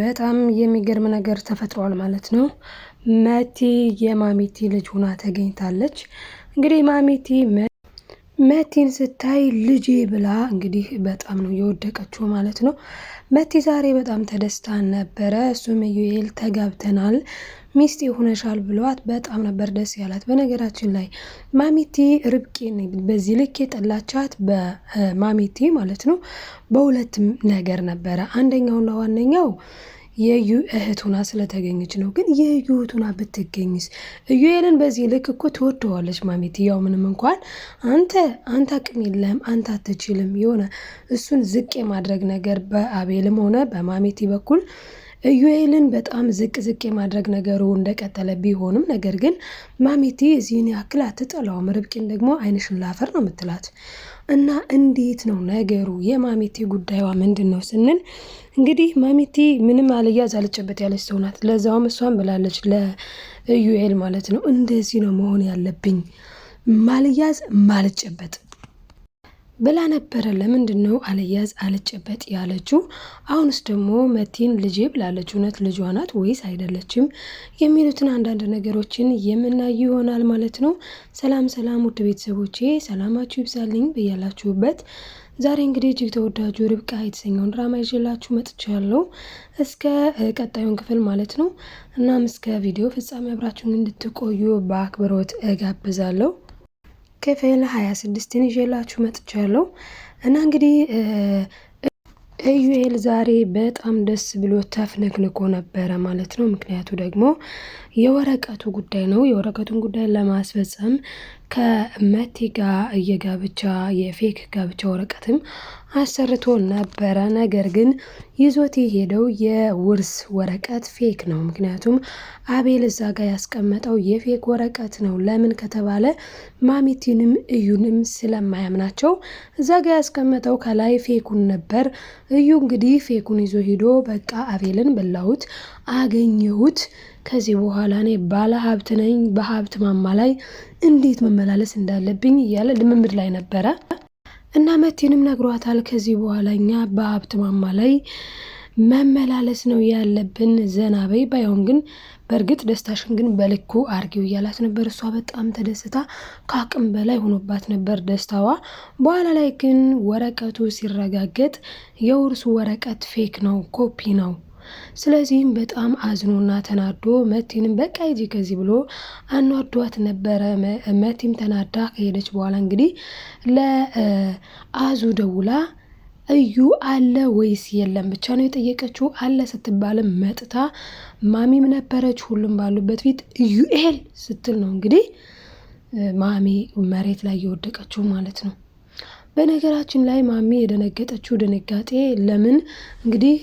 በጣም የሚገርም ነገር ተፈጥሯል ማለት ነው። መቲ የማሚቲ ልጅ ሆና ተገኝታለች። እንግዲህ ማሚቲ መቲን ስታይ ልጄ ብላ እንግዲህ በጣም ነው የወደቀችው ማለት ነው። መቲ ዛሬ በጣም ተደስታ ነበረ። እሱም ዩኤል ተጋብተናል ሚስት ሆነሻል ብለዋት በጣም ነበር ደስ ያላት። በነገራችን ላይ ማሚቲ ርብቃን በዚህ ልክ የጠላቻት በማሚቲ ማለት ነው በሁለትም ነገር ነበረ። አንደኛውና ዋነኛው የዩ እህት ሁና ስለተገኘች ነው። ግን የእዩ እህት ሆና ብትገኝስ? እዩኤልን በዚህ ልክ እኮ ትወደዋለች ማሜት። ያው ምንም እንኳን አንተ አንተ አቅም የለህም አንተ አትችልም የሆነ እሱን ዝቅ የማድረግ ነገር በአቤልም ሆነ በማሜቲ በኩል እዩኤልን በጣም ዝቅ ዝቅ የማድረግ ነገሩ እንደቀጠለ ቢሆንም ነገር ግን ማሜቲ እዚህን ያክል አትጠላውም። ርብቂን ደግሞ አይንሽን ላፈር ነው የምትላት እና እንዴት ነው ነገሩ? የማሜቴ ጉዳይዋ ምንድን ነው ስንል እንግዲህ ማሜቴ ምንም አልያዝ አልጨበት ያለች ሰው ናት። ለዛውም እሷን ብላለች ለዩኤል ማለት ነው እንደዚህ ነው መሆን ያለብኝ ማልያዝ ማልጨበጥ ብላ ነበረ። ለምንድን ነው አልያዝ አልጨበጥ ያለችው? አሁንስ ደግሞ መቲን ልጄ ብላለች። እውነት ልጇ ናት ወይስ አይደለችም የሚሉትን አንዳንድ ነገሮችን የምናይ ይሆናል ማለት ነው። ሰላም ሰላም፣ ውድ ቤተሰቦቼ ሰላማችሁ ይብዛልኝ ብያላችሁበት ዛሬ እንግዲህ እጅግ ተወዳጁ ርብቃ የተሰኘውን ድራማ ይዤላችሁ መጥቻለሁ። እስከ ቀጣዩን ክፍል ማለት ነው። እናም እስከ ቪዲዮ ፍጻሜ አብራችሁን እንድትቆዩ በአክብሮት እጋብዛለሁ። ክፍል 26ን ይዤላችሁ መጥቻለሁ እና እንግዲህ ኢዩኤል ዛሬ በጣም ደስ ብሎ ተፍነክንኮ ነበረ ማለት ነው። ምክንያቱ ደግሞ የወረቀቱ ጉዳይ ነው። የወረቀቱን ጉዳይ ለማስፈጸም ከመቲ ጋር የጋብቻ የፌክ ጋብቻ ወረቀትም አሰርቶ ነበረ። ነገር ግን ይዞት የሄደው የውርስ ወረቀት ፌክ ነው። ምክንያቱም አቤል እዛ ጋር ያስቀመጠው የፌክ ወረቀት ነው። ለምን ከተባለ ማሚቲንም እዩንም ስለማያምናቸው እዛ ጋር ያስቀመጠው ከላይ ፌኩን ነበር። እዩ እንግዲህ ፌኩን ይዞ ሄዶ በቃ አቤልን በላሁት፣ አገኘሁት ከዚህ በኋላ እኔ ባለ ሀብት ነኝ፣ በሀብት ማማ ላይ እንዴት መመላለስ እንዳለብኝ እያለ ልምምድ ላይ ነበረ። እና መቲንም ነግሯታል። ከዚህ በኋላ እኛ በሀብት ማማ ላይ መመላለስ ነው ያለብን። ዘና ባይሆን ግን በእርግጥ ደስታሽን ግን በልኩ አርጊው እያላት ነበር። እሷ በጣም ተደስታ ከአቅም በላይ ሆኖባት ነበር ደስታዋ። በኋላ ላይ ግን ወረቀቱ ሲረጋገጥ የውርሱ ወረቀት ፌክ ነው፣ ኮፒ ነው ስለዚህም በጣም አዝኖና ተናዶ መቲንም በቃ ሂጂ ከዚህ ብሎ አኗዷት ነበረ። መቲም ተናዳ ከሄደች በኋላ እንግዲህ ለአዙ ደውላ እዩ አለ ወይስ የለም ብቻ ነው የጠየቀችው። አለ ስትባልም መጥታ ማሚም ነበረች። ሁሉም ባሉበት ፊት እዩኤል ስትል ነው እንግዲህ ማሚ መሬት ላይ የወደቀችው ማለት ነው። በነገራችን ላይ ማሚ የደነገጠችው ድንጋጤ ለምን እንግዲህ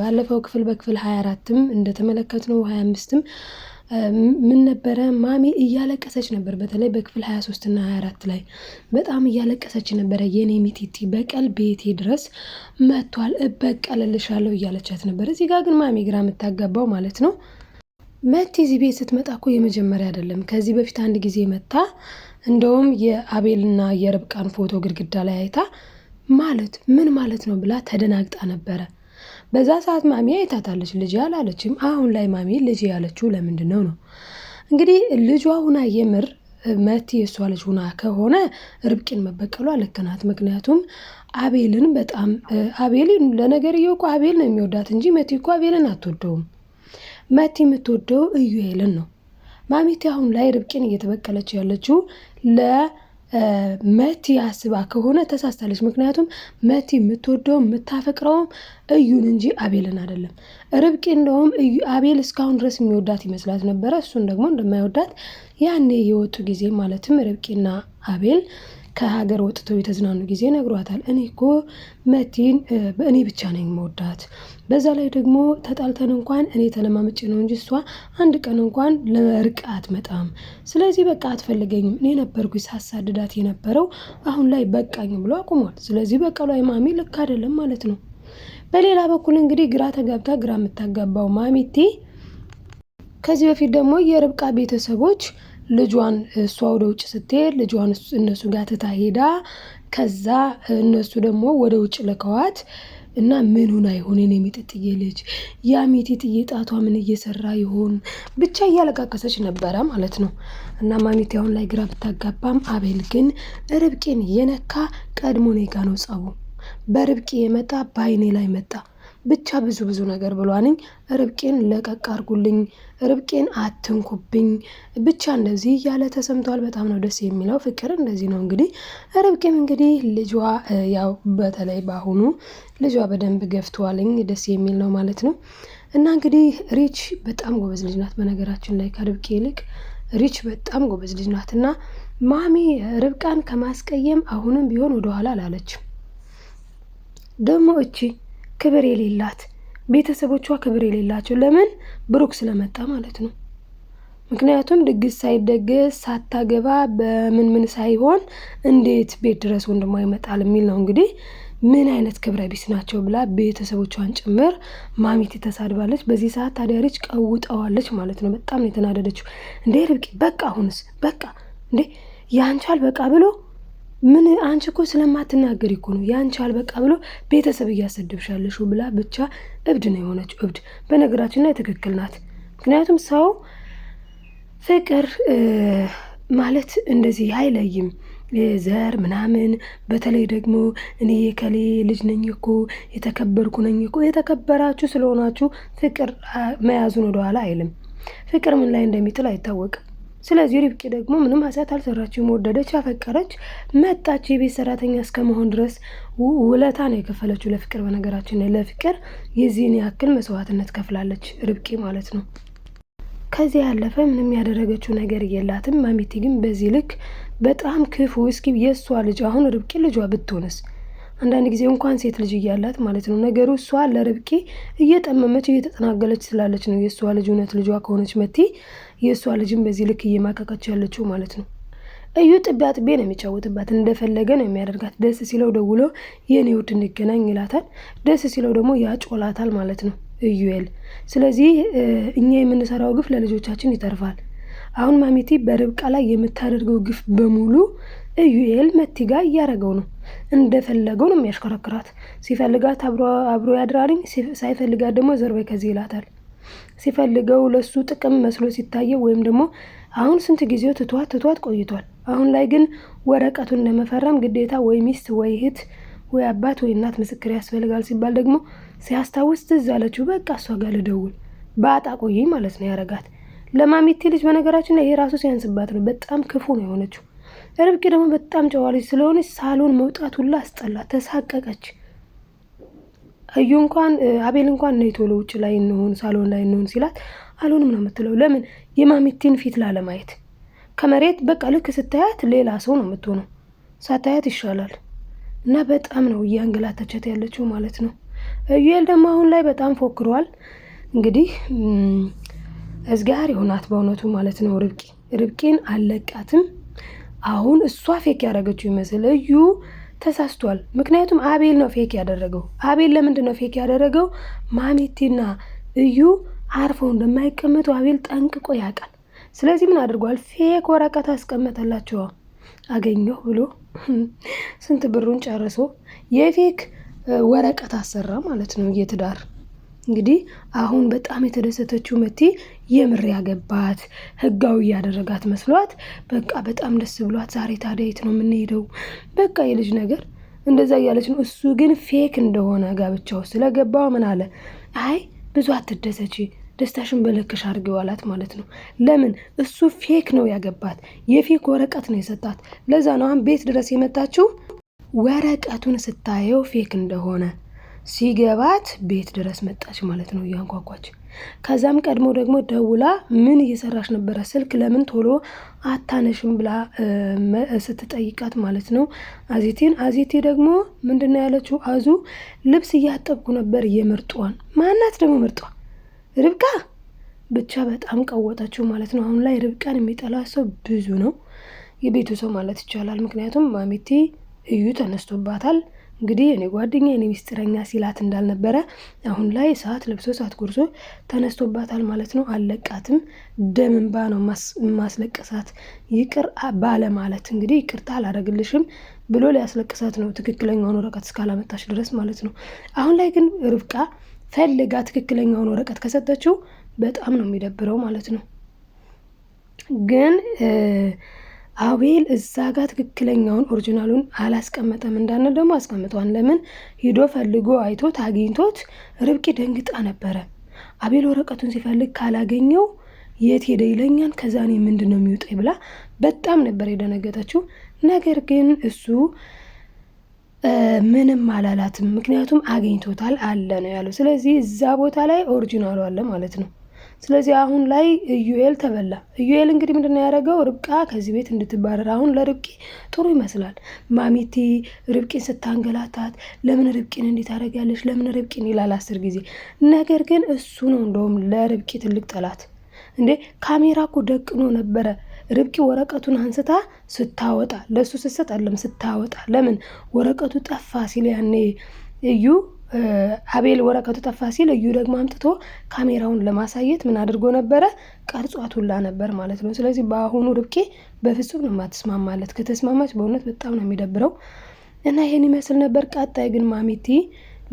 ባለፈው ክፍል በክፍል 24ም እንደተመለከትነው 25 አምስትም ምን ነበረ ማሚ እያለቀሰች ነበር። በተለይ በክፍል 23 እና 24 ላይ በጣም እያለቀሰች ነበረ። የኔ ሚቲቲ በቀል ቤቴ ድረስ መጥቷል፣ እበቀልልሻለሁ እያለቻት ነበር። እዚህ ጋር ግን ማሚ ግራ የምታጋባው ማለት ነው መቲ እዚህ ቤት ስትመጣ እኮ የመጀመሪያ አይደለም። ከዚህ በፊት አንድ ጊዜ መታ እንደውም የአቤልና የርብቃን ፎቶ ግድግዳ ላይ አይታ ማለት ምን ማለት ነው ብላ ተደናግጣ ነበረ። በዛ ሰዓት ማሚ አይታታለች። ልጅ አላለችም። አሁን ላይ ማሚ ልጅ ያለችው ለምንድን ነው ነው እንግዲህ ልጇ ሁና የምር መቲ የእሷ ልጅ ሁና ከሆነ ርብቂን መበቀሏ ልክ ናት። ምክንያቱም አቤልን በጣም አቤል ለነገርየው እኮ አቤል ነው የሚወዳት እንጂ መቲ እኮ አቤልን አትወደውም። መቲ የምትወደው ኢዩኤልን ነው። ማሚቲ አሁን ላይ ርብቂን እየተበቀለች ያለችው ለመቲ አስባ ከሆነ ተሳስታለች። ምክንያቱም መቲ የምትወደውም የምታፈቅረውም እዩን እንጂ አቤልን አይደለም። ርብቂ እንደውም አቤል እስካሁን ድረስ የሚወዳት ይመስላት ነበረ። እሱን ደግሞ እንደማይወዳት ያኔ የወጡ ጊዜ ማለትም ርብቃና አቤል ከሀገር ወጥተው የተዝናኑ ጊዜ ነግሯታል። እኔ እኮ መቲን በእኔ ብቻ ነኝ መወዳት። በዛ ላይ ደግሞ ተጣልተን እንኳን እኔ ተለማመጭ ነው እንጂ እሷ አንድ ቀን እንኳን ለርቅ አትመጣም። ስለዚህ በቃ አትፈልገኝም። እኔ ነበርኩ ሳሳድዳት የነበረው አሁን ላይ በቃኝ ብሎ አቁሟል። ስለዚህ በቀሏ ማሚ ልክ አይደለም ማለት ነው። በሌላ በኩል እንግዲህ ግራ ተጋብታ ግራ የምታጋባው ማሚቴ ከዚህ በፊት ደግሞ የርብቃ ቤተሰቦች ልጇን እሷ ወደ ውጭ ስትሄድ ልጇን እነሱ ጋር ትታ ሄዳ ከዛ እነሱ ደግሞ ወደ ውጭ ልከዋት እና ምን ሆና ይሆን የኔ ሚጢጥዬ ልጅ ያ ሚጢጥዬ ጣቷ ምን እየሰራ ይሆን ብቻ እያለቃቀሰች ነበረ ማለት ነው። እና ማሚቴ አሁን ላይ ግራ ብታጋባም አቤል ግን ርብቄን የነካ ቀድሞ እኔ ጋ ነው ጸቡ። በርብቄ የመጣ በአይኔ ላይ መጣ። ብቻ ብዙ ብዙ ነገር ብሏንኝ ርብቄን ለቀቅ አርጉልኝ፣ ርብቄን አትንኩብኝ፣ ብቻ እንደዚህ እያለ ተሰምቷል። በጣም ነው ደስ የሚለው። ፍቅር እንደዚህ ነው እንግዲህ። ርብቄም እንግዲህ ልጇ ያው በተለይ በአሁኑ ልጇ በደንብ ገፍተዋልኝ፣ ደስ የሚል ነው ማለት ነው። እና እንግዲህ ሪች በጣም ጎበዝ ልጅ ናት። በነገራችን ላይ ከርብቄ ይልቅ ሪች በጣም ጎበዝ ልጅ ናት እና ማሚ ርብቃን ከማስቀየም አሁንም ቢሆን ወደኋላ አላለችም። ደግሞ እቺ ክብር የሌላት ቤተሰቦቿ ክብር የሌላቸው ለምን ብሩክ ስለመጣ ማለት ነው። ምክንያቱም ድግስ ሳይደገስ ሳታገባ በምን ምን ሳይሆን እንዴት ቤት ድረስ ወንድሟ ይመጣል የሚል ነው እንግዲህ ምን አይነት ክብረ ቢስ ናቸው ብላ ቤተሰቦቿን ጭምር ማሚት ተሳድባለች። በዚህ ሰዓት ታዲያሪች ቀውጠዋለች ማለት ነው። በጣም ነው የተናደደችው። እንዴ ርብቂ በቃ አሁንስ፣ በቃ እንዴ ያንቻል፣ በቃ ብሎ ምን አንቺ እኮ ስለማትናገሪ እኮ ነው የአንቺ አልበቃ ብሎ ቤተሰብ እያሰደብሻለሽ ብላ ብቻ እብድ ነው የሆነች እብድ በነገራችን ላይ ትክክል ናት። ምክንያቱም ሰው ፍቅር ማለት እንደዚህ አይለይም ዘር ምናምን። በተለይ ደግሞ እኔ የከሌ ልጅ ነኝ እኮ የተከበርኩ ነኝ እኮ የተከበራችሁ ስለሆናችሁ ፍቅር መያዙን ወደኋላ አይልም። ፍቅር ምን ላይ እንደሚጥል አይታወቅም። ስለዚህ ርብቃ ደግሞ ምንም ሀሳት አልሰራችም። ወደደች፣ አፈቀረች፣ መጣች። የቤት ሰራተኛ እስከ መሆን ድረስ ውለታ ነው የከፈለችው ለፍቅር። በነገራችን ለፍቅር የዚህን ያክል መስዋዕትነት ከፍላለች ርብቂ ማለት ነው። ከዚህ ያለፈ ምንም ያደረገችው ነገር የላትም። ማሚቲ ግን በዚህ ልክ በጣም ክፉ። እስኪ የእሷ ልጅ አሁን ርብቂ ልጇ ብትሆንስ አንዳንድ ጊዜ እንኳን ሴት ልጅ እያላት ማለት ነው ነገሩ እሷ ለርብቃ እየጠመመች እየተጠናገለች ስላለች ነው የእሷ ልጅ እውነት ልጇ ከሆነች መቲ የእሷ ልጅን በዚህ ልክ እየማቀቀች ያለችው ማለት ነው። እዩ ጥቤ ነው የሚጫወትባት። እንደፈለገ ነው የሚያደርጋት። ደስ ሲለው ደውሎ የኔ ውድ እንገናኝ ይላታል። ደስ ሲለው ደግሞ ያጮላታል ማለት ነው እዩኤል። ስለዚህ እኛ የምንሰራው ግፍ ለልጆቻችን ይተርፋል። አሁን ማሚቲ በርብቃ ላይ የምታደርገው ግፍ በሙሉ እዩኤል መቲ ጋር እያደረገው ነው። እንደፈለገው ነው የሚያሽከረክራት። ሲፈልጋት አብሮ ያድራልኝ፣ ሳይፈልጋት ደግሞ ዞር ከዚ ከዚህ ይላታል። ሲፈልገው ለሱ ጥቅም መስሎ ሲታየው ወይም ደግሞ አሁን ስንት ጊዜው ትቷት ትቷት ቆይቷል። አሁን ላይ ግን ወረቀቱን ለመፈረም ግዴታ ወይ ሚስት ወይ እህት ወይ አባት ወይ እናት ምስክር ያስፈልጋል ሲባል ደግሞ ሲያስታውስ ትዝ አለችው። በቃ እሷ ጋር ልደውል በአጣ ቆይ ማለት ነው ያረጋት። ለማሚቴ ልጅ በነገራችን ላይ ይሄ ራሱ ሲያንስባት ነው። በጣም ክፉ ነው የሆነችው። ርብቄ ደግሞ በጣም ጨዋ ልጅ ስለሆነች ሳሎን መውጣት ሁላ አስጠላት፣ ተሳቀቀች። እዩ እንኳን አቤል እንኳን ነው የቶሎ ውጭ ላይ እንሆን ሳሎን ላይ እንሆን ሲላት አልሆንም ነው የምትለው። ለምን የማሚቴን ፊት ላለማየት ከመሬት በቃ ልክ ስታያት ሌላ ሰው ነው የምትሆነው፣ ሳታያት ይሻላል። እና በጣም ነው እያንገላተቻት ያለችው ማለት ነው። እዩኤል ደግሞ አሁን ላይ በጣም ፎክሯል እንግዲህ እዝጋር የሆናት በእውነቱ ማለት ነው። ርብቂ ርብቂን አለቃትም። አሁን እሷ ፌክ ያደረገችው ይመስል እዩ ተሳስቷል። ምክንያቱም አቤል ነው ፌክ ያደረገው። አቤል ለምንድን ነው ፌክ ያደረገው? ማሚቲና እዩ አርፈው እንደማይቀመጡ አቤል ጠንቅቆ ያውቃል። ስለዚህ ምን አድርጓል? ፌክ ወረቀት አስቀመጠላቸው። አገኘሁ ብሎ ስንት ብሩን ጨርሶ የፌክ ወረቀት አሰራ ማለት ነው የትዳር እንግዲህ አሁን በጣም የተደሰተችው መቲ የምር ያገባት ህጋዊ እያደረጋት መስሏት በቃ በጣም ደስ ብሏት፣ ዛሬ ታዲያ የት ነው የምንሄደው? በቃ የልጅ ነገር እንደዛ እያለች ነው። እሱ ግን ፌክ እንደሆነ ጋብቻው ስለገባው ምን አለ፣ አይ ብዙ አትደሰች ደስታሽን በልክሽ አድርገ አላት ማለት ነው። ለምን እሱ ፌክ ነው ያገባት፣ የፌክ ወረቀት ነው የሰጣት። ለዛ ነው አሁን ቤት ድረስ የመጣችው ወረቀቱን ስታየው ፌክ እንደሆነ ሲገባት ቤት ድረስ መጣች ማለት ነው እያንኳኳች። ከዛም ቀድሞ ደግሞ ደውላ ምን እየሰራሽ ነበረ? ስልክ ለምን ቶሎ አታነሽም? ብላ ስትጠይቃት ማለት ነው አዜቴን። አዜቴ ደግሞ ምንድን ነው ያለችው? አዙ ልብስ እያጠብኩ ነበር የምርጧን። ማናት ደግሞ ምርጧ? ርብቃ ብቻ በጣም ቀወጠችው ማለት ነው። አሁን ላይ ርብቃን የሚጠላ ሰው ብዙ ነው፣ የቤቱ ሰው ማለት ይቻላል። ምክንያቱም ማሜቴ እዩ ተነስቶባታል። እንግዲህ እኔ ጓደኛ እኔ ሚስጥረኛ ሲላት እንዳልነበረ አሁን ላይ ሰዓት ለብሶ ሰዓት ጎርሶ ተነስቶባታል ማለት ነው። አለቃትም ደም እንባ ነው ማስለቀሳት ይቅር ማለት እንግዲህ ይቅርታ አላደረግልሽም ብሎ ሊያስለቅሳት ነው ትክክለኛውን ወረቀት እስካላመጣች ድረስ ማለት ነው። አሁን ላይ ግን ርብቃ ፈልጋ ትክክለኛውን ወረቀት ከሰጠችው በጣም ነው የሚደብረው ማለት ነው ግን አቤል እዛ ጋር ትክክለኛውን ኦሪጂናሉን አላስቀመጠም እንዳነ ደግሞ አስቀምጠዋን ለምን ሂዶ ፈልጎ አይቶት አግኝቶት ርብቂ ደንግጣ ነበረ። አቤል ወረቀቱን ሲፈልግ ካላገኘው የት ሄደ ይለኛል፣ ከዛ እኔ ምንድን ነው የሚውጠኝ ብላ በጣም ነበር የደነገጠችው። ነገር ግን እሱ ምንም አላላትም፣ ምክንያቱም አግኝቶታል አለ ነው ያለው። ስለዚህ እዛ ቦታ ላይ ኦሪጂናሉ አለ ማለት ነው። ስለዚህ አሁን ላይ እዩኤል ተበላ። ኢዩኤል እንግዲህ ምንድን ነው ያደረገው? ርብቃ ከዚህ ቤት እንድትባረር። አሁን ለርብቂ ጥሩ ይመስላል። ማሚቲ ርብቂን ስታንገላታት ለምን ርብቂን እንዴት ታደርጊያለሽ? ለምን ርብቂን ይላል አስር ጊዜ። ነገር ግን እሱ ነው እንደውም ለርብቂ ትልቅ ጠላት። እንዴ ካሜራ እኮ ደቅኖ ነበረ። ርብቂ ወረቀቱን አንስታ ስታወጣ ለእሱ ስትሰጥ አለም ስታወጣ ለምን ወረቀቱ ጠፋ ሲል ያኔ እዩ አቤል ወረቀቱ ጠፋ ሲል እዩ ደግሞ አምጥቶ ካሜራውን ለማሳየት ምን አድርጎ ነበረ? ቀርጿት ሁላ ነበር ማለት ነው። ስለዚህ በአሁኑ ርብቄ በፍጹም ነው የማትስማማለት። ከተስማማች በእውነት በጣም ነው የሚደብረው እና ይህን ይመስል ነበር። ቀጣይ ግን ማሚቲ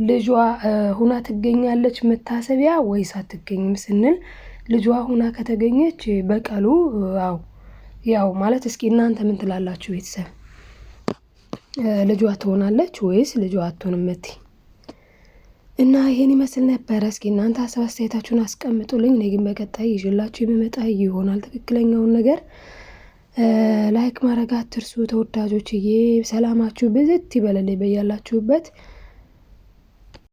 ልጇ ሁና ትገኛለች መታሰቢያ ወይስ አትገኝም ስንል ልጇ ሁና ከተገኘች በቀሉ አው ያው ማለት እስኪ እናንተ ምን ትላላችሁ ቤተሰብ? ልጇ ትሆናለች ወይስ ልጇ አትሆንም? መቲ እና ይሄን ይመስል ነበረ። እስኪ እናንተ ሀሳብ አስተያየታችሁን አስቀምጡልኝ። እኔ ግን በቀጣይ ይዤላችሁ የሚመጣ ይሆናል። ትክክለኛውን ነገር ላይክ ማድረግ አትርሱ። ተወዳጆችዬ ሰላማችሁ ብዝት ይበለልኝ በያላችሁበት።